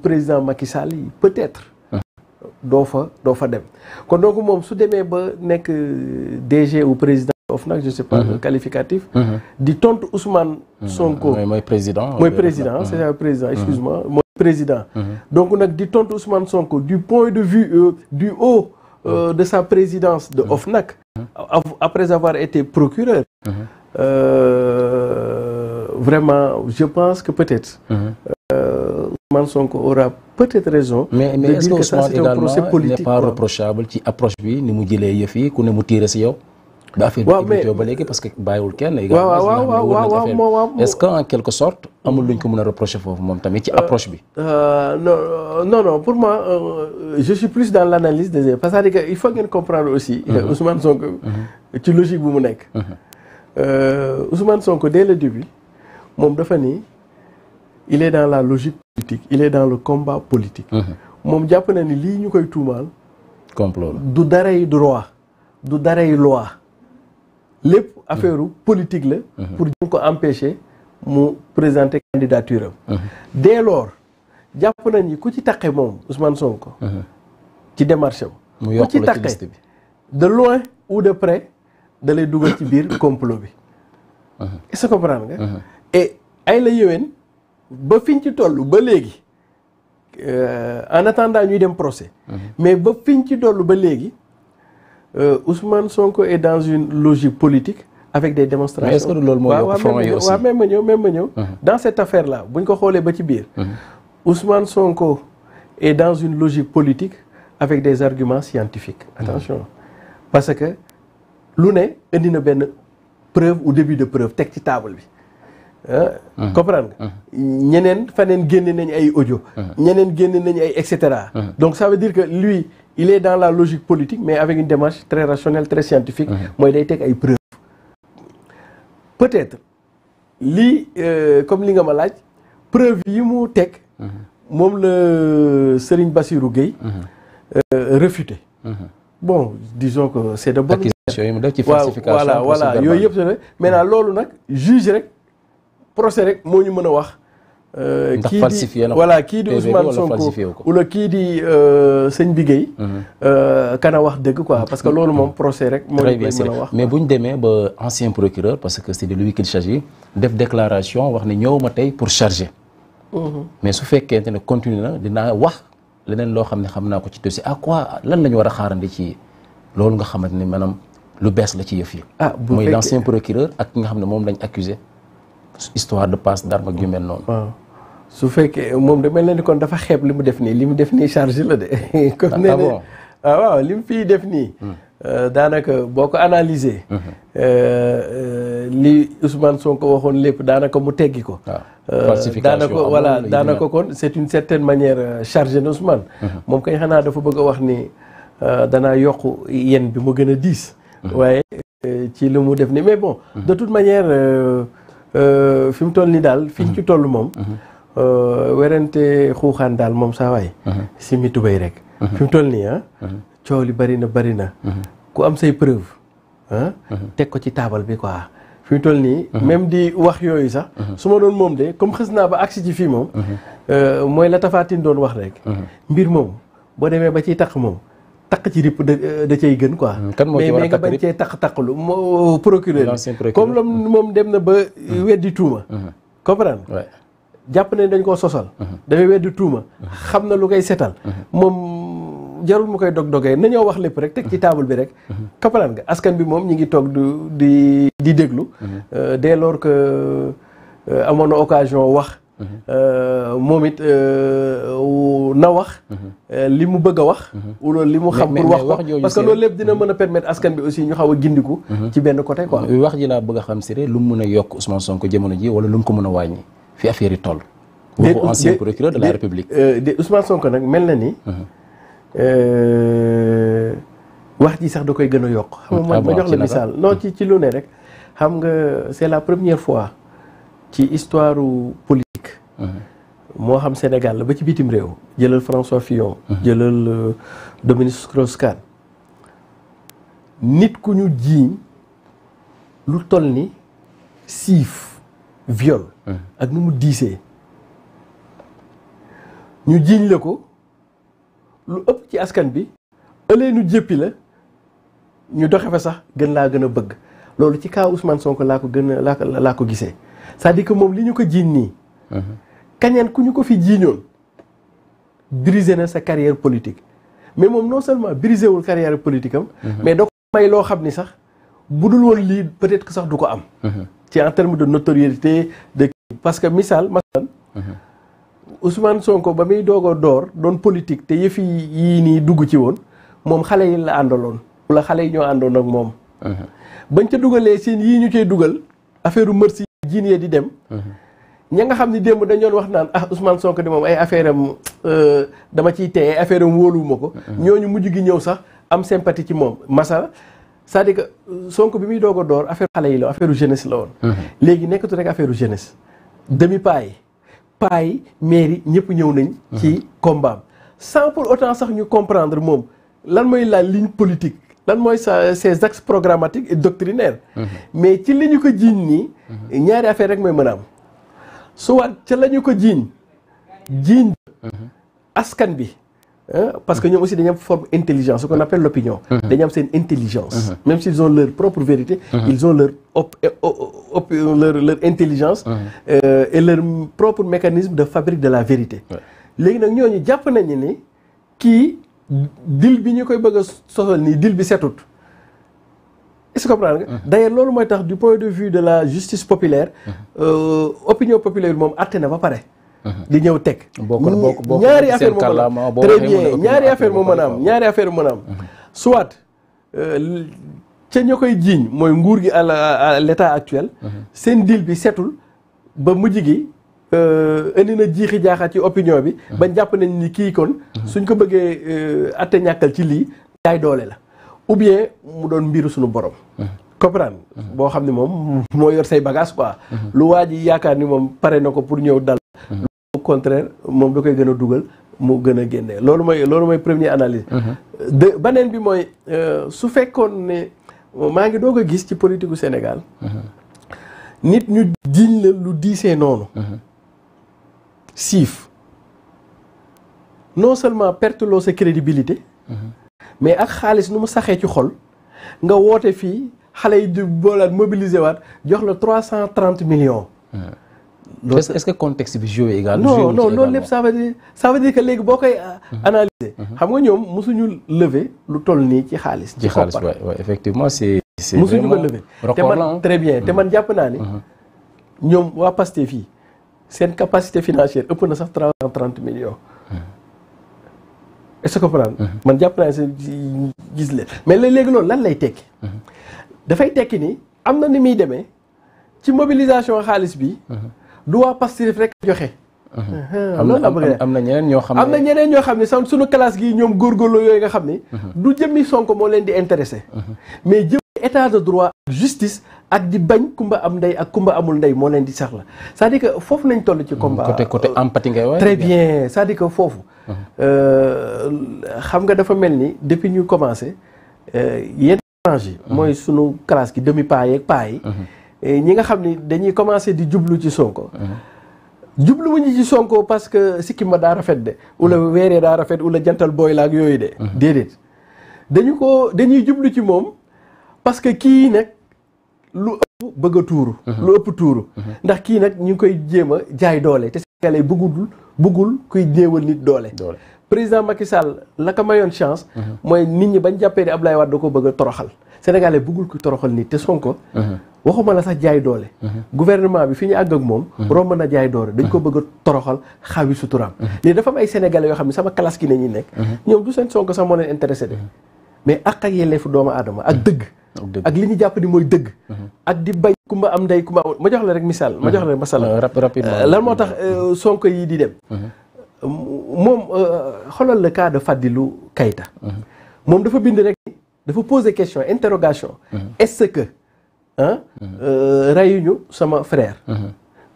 président Macky Sall yi peut-être. doo fa doo fa dem kon donc moom su demee ba nekk euh, DG ou président OFNAC je sais pas mm-hmm. qualificatif mm-hmm. di tontu Ousmane mm-hmm. Sonko mooy président mooy président euh, c'est ça président excuse-moi président donc nag di tontu Ousmane Sonko du point de vue euh, du haut de sa présidence de OFNAC après avoir été procureur vraiment je pense que peut-être. Mhm. Euh, Ousmane Sonko aura peut-être raison. mais mais est-ce que Ousmane pas reprochable ci approche bi ni mu jëlee yëf yi ku ne mu tiire si yow. ba affaire bi ba léegi parce que bàyyiwul kenn. waaw waaw waaw waaw est-ce que en quelque ko mën a reprocher foofu moom tamit ci euh, approche bi. Euh, non no non pour moi je suis plus dans l'analyse des parce que il faut ngeen comprendre aussi. Mhm. Ousmane Sonko. Mhm. ci logique bu mu nekk. Ousmane Sonko dès le début. moom dafa ni il est dans la logique politique il est dans le combat politique. moom jàpp na ni lii ñu koy tuumaal. complot du daray droit du daray loi lépp affaire politique la. pour ñu ko empêcher mu présenter candidature am. dès jàpp na ni ku ci taqe moom Ousmane ko ci démarche am. mu yokk ci liste bi de loin ou de près da lay dugal ci biir complot bi. est-ce comprendre nga. et ay la yéwén ba fiñ ci toll ba léegi euh, en attendant ñuy dem procès. Mhm. mais ba fiñ ci toll ba léegi euh, Ousmane Sonko et dans une logique politique. avec des démonstrations mais est-ce que waaw même ma ñëw même ma ñëw. Mhm. dans cette affaire là bu ñu ko xoolee ba ci biir. Mhm. Ousmane Sonko est dans une logique politique avec des arguments scientifiques. attention parce que lu ne indi na benn preuve ou début de preuve teg ci table bi. Ah. Ah. comprendre nga. Ah. ñeneen faneen génne nañ ay audio. ñeneen génne nañ ay et cetera. donc ça veut dire que lui il est dans la logique politique mais avec une démarche très rationnelle très scientifique. mooy day teg ay preuves. peut-être lii euh, comme li nga ma laaj preuve yi mu teg. moom la Serigne Bassirou Gueye. Euh, réfuté. bon disons que c'est de bonne. accusation yi mu def ci falsification. voilà voilà yooyu yëpp maintenant loolu nag juge rek. procès rek moo ñu mën a wax. Euh, ndax falsifié na voilà kii di Ousmane Sonko wala kii di euh, sëñ bi Guèye. Mhm. Euh, kana wax dëgg quoi mhm. parce que loolu moom mhm. procès rek. moo ñu mën a wax mais bu ñu demee ba ancien procureur parce que c'est de lui qu'il s'agit def déclaration wax ni ñëw ma tey pour charger. mais su fekkente ne continue na dinaa wax leneen loo xam ne xam naa ko ci dossier à quoi lan la ñu war a xaarandi ci loolu nga xamante ne maanaam lu bees la ci yëf yi. ah bu fekkee mooy l'ancien procureur ak ki nga xam ne moom lañ accusé histoire de passe d'armes ak mel noonu. su fekkee moom de mel na ni kon dafa xeeb li mu def nii li mu def nii chargé la de. Ah, comme nee ah ah, def nii. Hmm. Euh, daanaka boo ko analyser hmm. euh, euh, li Ousmane ko waxoon lépp daanaka mu teggi ko. daanaka voilà daanaka kon c'est une certaine manière chargé na Ousmane. Hmm. moom kay xanaa dafa bëgg a wax ni danaa yokk yenn bi mu gën a diis. waaye ci li mu def ni mais bon. de toute manière. Euh, fi mu toll nii daal fii fiñ ci mhm. toll moom. Mhm. Euh, werante xuuxaan daal moom saa waay. Mhm. si mi tubay rek. fi mu toll nii ah. coow li bari na bari na. ku am say preuve ah. teg ko ci taabal bi quoi. fi mu toll nii. même di wax yooyu sax. su ma doon moom de comme xis naa ba agsi ci fii moom. Euh, mooy la tafaatin doon wax rek. mbir moom boo demee ba ciy tax moom. takk ci rip da cay gën quoi. Hmm, kan a takk mais mais nga bañ cee takk takkalu moo procureur comme loom moom dem na ba hmm. weddi tuuma. Hmm. comprendre jàpp ne dañ koo sosal. dafay weddi tuuma. xam na lu koy setal. moom jarul mu koy dog-dogee nañoo wax lépp rek teg ci taabul bi rek. comprendre nga askan bi moom ñu ngi toog du di di déglu. Euh, dès lors euh, amoon na occasion wax. Euh, moom it euh, na wax. Euh, li mu bëgg a wax. wala mhm. li mu xam pour wax ko parce que loolu lépp dina mën a permettre askan bi aussi ñu xaw a gindiku. Mhm. ci benn côté wax ji laa bëgg a xam si lu mu mën a yokk Ousmane Sonko jamono ji wala lu mu ko mën a wàññi fi affaire yi toll. déet ancien procureur de la République. déet Sonko nag mel na ni. Mhm. wax ji sax da koy gën a yokk. xam nga man ah ma jox la misaal non ci ci lu ne rek. xam nga c'est la première fois. ci histoire politique. moo xam Sénégal la ba ci bitim réew jëlal François Fillon. jëlal euh, Dominique Strauss-Kahn nit ku ñu jiiñ lu toll ni siif viol. ak nu mu diisee ñu jiiñ la ko lu ëpp ci askan bi. ëllëgee nu jéppi la ñu doxe fa sax gën laa gën a bëgg loolu ci cas Ousmane Sonko laa ko gën a laa ko gisee. c'est-à-dire moom li ñu ko jiiñ nii. kañeen ku ñu ko fi jiiñoon brisé na sa carrière politique mais moom non seulement brisé wul carrière politique am. Mhm. mais da ko may loo xam ni sax bu dul woon lii peut-être que sax du ko am. Mhm. ci en terme de notoriété de. parce que missaal masalan. Mhm. Ousmane Sonko ba muy doog door doon politique te yëfi yii nii dugg ci woon moom xale yi la àndaloon wala xale yi ñoo àndoon ak moom. bañ ca dugalee seen yii ñu cay dugal affaire u jiin yee di dem ña nga xam ni démb dañoon wax naan ah Ousmane Sonko di moom ay affaire am euh, dama ciy teye affaire am wóoluwuma ko ñoo ñu mujj gi ñëw sax am sympathie ci moom masala c'est-à-dire que euh, Sonko bi muy doog a door affaire xale yi la affaire jeunesse la woon léegi nekkatu rek affaire jeunesse demi paa yi paa yi ñëpp ñëw nañ ci combat sans pour autant sax ñu comprendre moom lan mooy la ligne politique lan mooy sa ses axes programmatique et doctrinaires. Mm-hmm. mais ci li ñu ko jiiñ nii. Mm-hmm. ñaari affaire rek mooy mën a am. su waat ca la ñu ko jiiñ jiiñ mm-hmm. askan bi. parce que ñoom aussi dañu am forme intelligence ce qu'on appelle l'opinion dañu am seen intelligence même s'ils ont leur propre vérité ils ont leur op leur leur intelligence euh, et leur propre mécanisme de fabrique de la vérité léegi nag ñooñu jàpp nañu ni kii dil bi ñu koy bëgg a sosal nii dil bi setut est-ce que comprendre mm-hmm. nga loolu mooy tax du point de vue de la justice populaire mm-hmm. euh, opinion populaire moom àtte na ba pare mm-hmm. di ñëw teg ñaari affaire moo mën a am ñaari affaire moo a am ñaari affaire moo soit euh, ca ña koy jiiñ mooy nguur gi à l'état actuel seen dil bi setul ba mujj gi Euh, indi na jiixi jaaxaat ci opinion bi. Ah. bañ jàpp nañ ni kii kon. Ah. suñ ko bëggee euh, atte ñàkkal ci lii jaay doole la ou bien mu doon mbiru suñu borom. Ah. comprendre boo xam ne moom moo yor say bagage quoi. lu waa ji yaakaar ni moom pare na ko pour ñëw dal. lu contraire moom da koy gën a dugal mu gën a génne loolu mooy loolu mooy première analyse. de beneen bi mooy euh, su fekkoon ne maa ngi doog a gis ci politique gu Sénégal. nit ñu jiñ la lu diisee noonu. siif non seulement perte loo sa crédibilité. Mhm. mais ak xaalis nu mu saxee ci xol nga woote fii xale yi di boolaat mobiliser waat jox la trois cent trente million loolu est ce que contexte bi joué également. non non loolu lépp ça veut dire léegi boo koy. Euh, mhm. analyser mhm. xam nga ñoom mosuñu lever lu toll nii ci xaalis. ci xaalis waay effectivement c'est c'est mosuñu ko lever te man très bien te man jàpp naa ne. ñoom waa Pastef fii. seen capacité financière ëpp na sax trois cent trente millions. est-ce que comprendre mhm. man jàpp naa seen gis leen mais léegi loolu lan lay tekki. Mhm. dafay tekki ni am na ni muy demee ci mobilisation xaalis bi. Mhm. du waa Pastef rek joxe. am na am na ñeneen ñoo xam ne am na ñeneen ñoo xam ne sax sunu classe gi ñoom góorgóorlu yooyu nga xam ni. du jëmmi Sonko moo leen di intéressé. mais jëmmi état de droit justice ak di bañ kumba am ndey ak kumba amul ndey moo leen di sax la cest à que foofu nañ tollu ci combat côté côté euh, empathie ngay wax très bien cest foofu uh-huh. euh, xam nga dafa mel ni depuis ñu commencé euh, yenn orange yi uh-huh. mooy sunu classe gi demi paa yeeg paa uh-huh. ñi nga xam ni dañuy commencé di jublu ci Sonko jublu mu ci Sonko parce que sikkimba daa rafet de wala weeree daa rafet wala jantal booy la ak yooyu de déedéet dañu ko dañuy jublu ci moom parce kii nag lu ëpp bëgg a tuuru mhm. lu ëpp tuuru mhm. ndax kii nag ñu ngi koy jéem a jaay doole te Sénégalais bëggul bëggul kuy néewal nit doole président Macky Sall la ko mayoon chance mhm. mooy nit ñi bañ jàppee ni Abdoulaye Wade da ko bëgg a toroxal Sénégalais bëggul ku toroxal nit te Sonko waxuma la sax jaay doole gouvernement bi fi ñu àgg ak moom romb na jaay doole dañ ko bëgg a toroxal xawi suturaam léegi dafa ay Sénégalais yoo xam ne sama classe gi ne ñuy nekk ñoom du seen Sonko sax moo leen mais ak ak yelleefu doomu aadama ak dëgg ak li ñu jàpp ni mooy dëgg mhm. ak di bañ kumba am ndey kumba am ma jox la rek misaal ma jox la rek mhm. masala euh, rapidement euh, lan moo tax euh, sonko yi di dem mhm. moom xoolal le cas de Fadilou moom dafa bind rek dafa poser question interrogation est-ce que ah reyuñu sama frère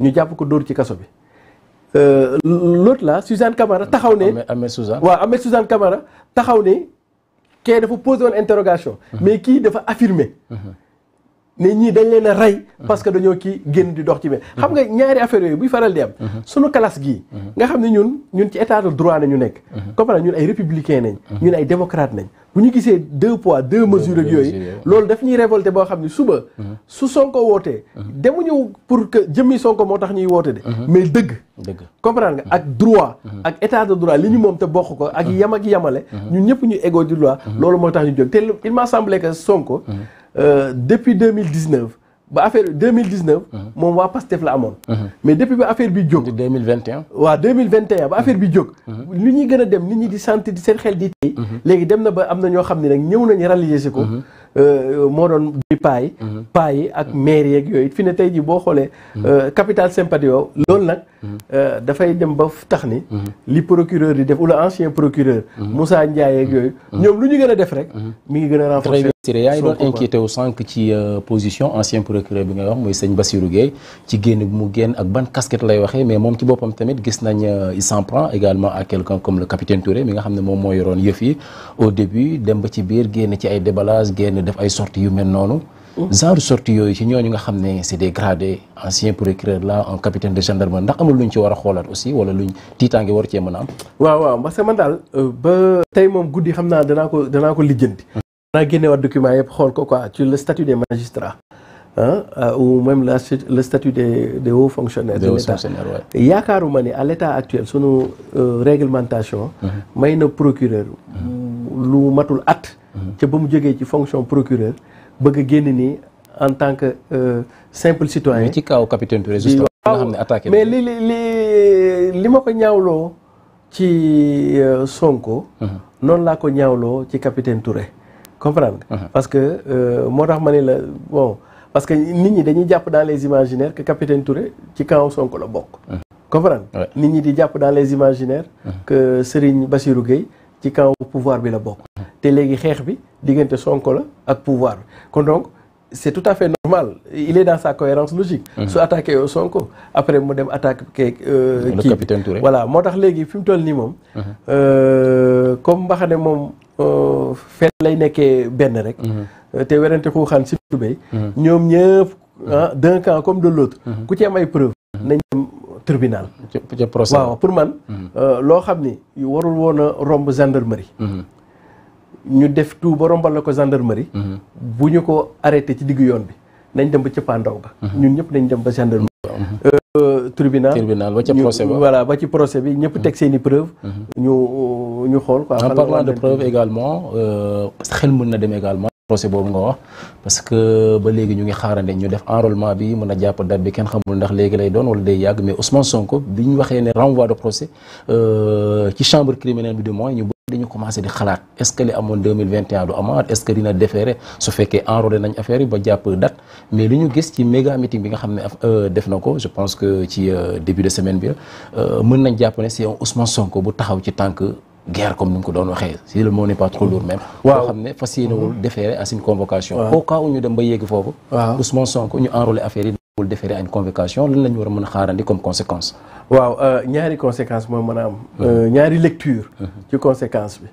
ñu jàpp ko dóor ci kaso bi l'autre là Suzanne Camara taxaw ne Ahmed Suzanne waaw Ahmed Suzanne Camara taxaw ne kee dafa posé woon interrogation mais kii dafa affirmé ne ñii dañ leen rey parce que dañoo kii génn di dox ci benn xam nga ñaari affaire yooyu buy faral di am sunu classe gii nga xam ne ñun ñun ci état de droit nañu nekk comprendre ñun ay républicain nañ ñun ay démocrate nañ bu ñu gisee deux pois deux mesures ak yooyu loolu daf ñuy révolté boo xam ne suba su Sonko wootee demu ñëw pour que jëmmi Sonko moo tax ñuy woote de mais dëgg dëgg comprendre nga ak droit ak état de droit li ñu moom te bokk ko ak yam ak yamale ñun ñëpp ñu égo loi loolu moo tax ñu jóg te il m'a semblé Sonko Euh, depuis deux mille dix neuf ba affaire deux mille dix neuf. Uh-huh. moom waa Pastef la amoon. Uh-huh. mais depuis ba affaire bi jóg. deux mille vingt et un. waaw deux mille vingt et un ba affaire bi jóg. li uh-huh. ñuy gën a dem nit ñi di sant di seen xel di tey. léegi dem na ba am na ñoo xam ne nag ñëw nañu rallier si ko. Euh, euh, moo doon di paay mhm. paay ak mhm. maire yeeg yooyu fi ne tey jii boo xoolee mhm. euh, capital sympathie yow loolu nag dafay dem ba tax ni li procureur di def wala ancien procureur Moussa Ndiaye yeeg yooyu ñoom lu ñu gën a def rek mi ngi gën a renforcer wu sànq ci position ancien procureur bi ngay wax mooy sëñ Bassirou Guèye ci génn bi mu génn ak ban casquette lay waxee mais moom ci boppam tamit gis nañ il s'en prend également à quelqu'un comme le capitaine Touré mi nga xam ne moom moo yoroon yëf yi au début dem ba ci biir génn ci ay déballage génn def ay sorties yu mel noonu. genre sorties yooyu ci ñooñu nga xam ne c'est des gradés anciens procureur là un capitaine de gendarmerie ndax amul luñ ci war a xoolaat aussi wala luñ tiitaange war cee mën a am. waaw waaw parce que daal euh, ba. tey moom guddi xam naa danaa ko danaa ko lijjanti. danaa génne waat document yëpp xool ko quoi ci le statut des magistrats. Euh, ou même la le statut des des hauts fonctionnaires de yaakaaru ma ni à l'état actuel sunu euh, réglementation. Mhm. may na procureur. lu matul at. ca ba mu jógee ci fonction procureur bëgg génn nii en tant que euh, simple citoyen ci kaw capitaine Touré justement nga mais li li li ma ko ñaawloo ci euh, Sonko. Uh-huh. noonu laa ko ñaawloo ci capitaine Touré comprendre nga. Uh-huh. parce que euh, moo tax ma ne la bon parce que nit ñi dañuy jàpp dans les imaginaires que capitaine Touré ci camp Sonko la bokk. Uh-huh. comprendre nit ñi di jàpp dans les imaginaires que Serigne Bassirou Gueye ci camp pouvoir bi la bokk. te léegi xeex bi diggante Sonko la ak pouvoir kon donc c'est tout à fait normal il est dans sa cohérence logique mm-hmm. su attaqué yow Sonko après mu dem attaque attaqué euh, kii capitaine Touré voilà moo tax léegi fi mu toll ni moom mm-hmm. euh, comme mbaxane moom euh, fenn lay nekkee benn rek mm-hmm. te werante xuuxaan si tubéy ñoom ñëpp ah, d'un camp comme de l'autre ku ci am ay preuve nañ dem tribunal waaw pour man loo xam ni warul woon a romb gendarmerie ñu def tout ba rombal la ko gendarmerie. Mhm. bu ñu ko arrêté ci digg yoon bi nañ dem ba ca pandaw ga mhm. ñun ñëpp nañ dem ba gendarmerie. Mhm. Euh, tribunal ba ca procès bi ñëpp teg seen i preuve ñu xool en parlant de preuve également euh, xel mën na dem également. procès boobu nga wax parce que ba léegi ñu ngi xaarande ñu def enrôlement bi mën a jàpp date bi kenn xamul ndax léegi lay doon wala day yàgg mais Ousmane Sonko bi waxee ne renvoi de procès euh, ci chambre criminelle dañu commencé di xalaat est-ce que li amoon 2021 du amaat est-ce que dina déféré su fekkee enrôlé nañ affaire yi ba jàpp date mais li ñu gis ci méga bi nga xam ne euh, def na ko je pense que ci euh, début de semaine bi euh, mën nañ jàpp ne c'est un Ousmane bu taxaw ci tànk guerre comme ni nga ko doon waxee si le mot n'est pas trop lourd même waaw xam ne fas yéenewul mm-hmm. déféré à convocation au cas où dem ba yegg foofu Ousmane Sonko ñu enrôlé affaire bul déférer une convocation lañu war a mën a xaarandi comme conséquence. waaw euh, ñaari conséquence mooy mën euh, ñaari lecture ci conséquence bi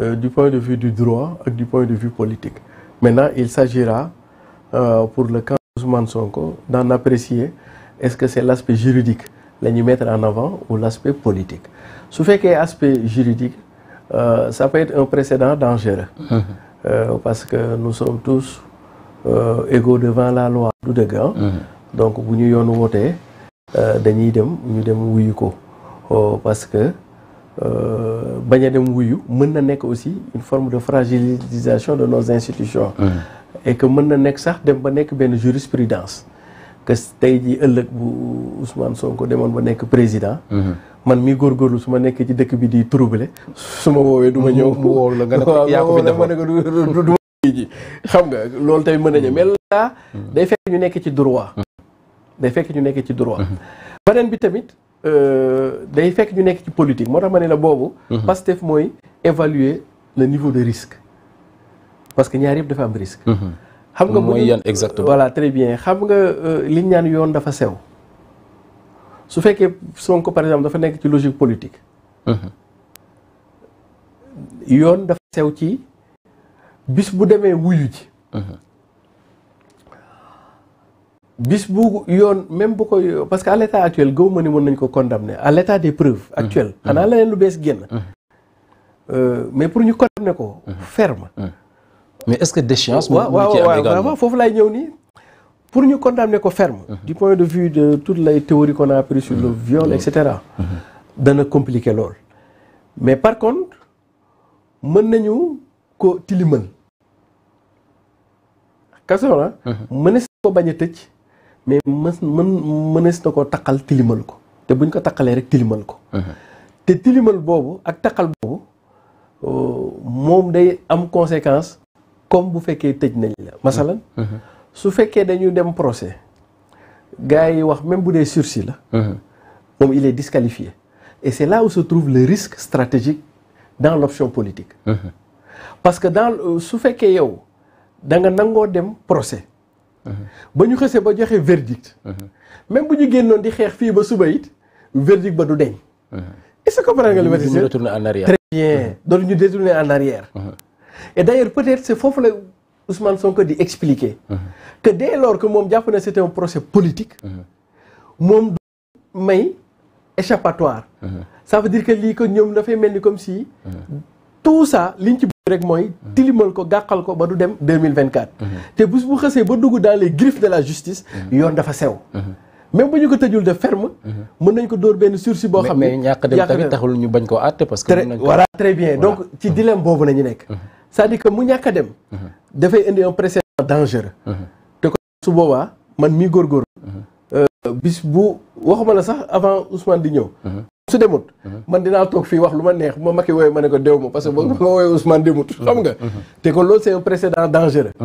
euh, du point de vue du droit ak du point de vue politique maintenant il s'agira euh, pour le cas Ousmane Sonko d'en apprécier est-ce que c'est l'aspect juridique la ñuy mettre en avant ou l'aspect politique su fekkee aspect juridique euh, ça peut être un précédent dangereux. Euh, parce que nous sommes tous. égaux euh, devant la loi du dëgg ah. mm-hmm. donc bu ñu yoon wootee euh, dañuy dem ñu dem wuyu ko oh, parce que euh, bañ a dem wuyu mën na nekk aussi une forme de fragilisation de nos institutions mm-hmm. et que mën na nekk sax dem ba nekk benn jurisprudence que tey jii ëllëg bu Ousmane Sonko demoon ba nekk président mm-hmm. man mi góorgóorlu su ma nekkee ci dëkk bi di troubler su ma woowee duma ñëw mu woo la nga ne ko yaa xam nga loolu tamit mën nañu mel mm. la mm. day fekk ñu nekk ci droit mm. day fekk ñu nekk ci droit mm-hmm. beneen bi tamit euh, day fekk ñu nekk ci politique moo tax ma ne la boobu mm-hmm. Pastef mooy évaluer le niveau de risque parce que ñaar yëpp dafa am risque mm-hmm. xam nga mooy yan exactement voilà très bien xam nga euh, liñ ñaan yoon dafa sew su fekkee Sonko par exemple dafa nekk ci logique politique yoon dafa sew ci bis bu demee wuyu ji. Mhm. bis bu yoon même bu ko parce que à l' actuel gaw ma ni mën nañ ko condamner à l' état des preuves mhm. actuelles mhm. xanaa leneen lu bees génn euh, mais pour ñu condamner ko ferme mais est ce que déchéance waaw waaw vraiment foofu laay ñëw nii pour ñu condamner ko ferme du point de vue de toutes les théories qu'on a appris sur le viol et dana compliqué lool mais par contre mën nañu ko tilimal kaso la uh-huh. mënees na ko bañ a tëj mais mën mën mënees na ko taqal tilimal ko te buñ ko taqalee rek tilimal ko uh-huh. te tilimal boobu ak taqal boobu euh, moom day am conséquence comme bu fekkee tëj nañ la masalan uh-huh. su fekkee dañu dem procès gars yi wax même bu dee sursis la moom il est disqualifié et c'est là où se trouve le risque stratégique dans l'option politique parce que dans euh, su fekkee yow da nga nangoo dem procès ba ñu xësee ba joxe verdict même bu ñu génnoon di xeex fii ba suba it verdict ba du deñ est-ce que comprendre nga li di retourner en arrière très bien doon ñu détourner en arrière et d'ailleurs peut-être c'est foofu la Ousmane Sonko di expliquer que dès lors que moom jàpp na c'était un procès politique moom du may échappatoire sa veut dire que lii que ñoom dafay mel ni comme si tout liñ ci rek mooy tilimal ko gàqal ko ba du dem mille vingt 2024 te bés bu xësee ba dugg dans les griffes de la justice yoon dafa sew même bu ñu ko tëjul de ferme mën nañ ko dóor benn sursis boo xam ne ñàkk dem tamit taxul ñu bañ ko àtte parce que voilà très bien donc ci mmh. dilemme boobu la ñu nekk mmh. sa à mu ñàkk dem mmh. dafay indi un précédent dangereux te ko su boobaa man mii góorgóorlu euh, bis bu waxuma la sax avant Ousmane di ñëw su demut man dinaa toog fii wax lu ma neex ma Macky wooye ma ne ko dew ma parce que ba nga wooye Ousmane demut xam nga mhm. te kon loolu c'est précédent dangereux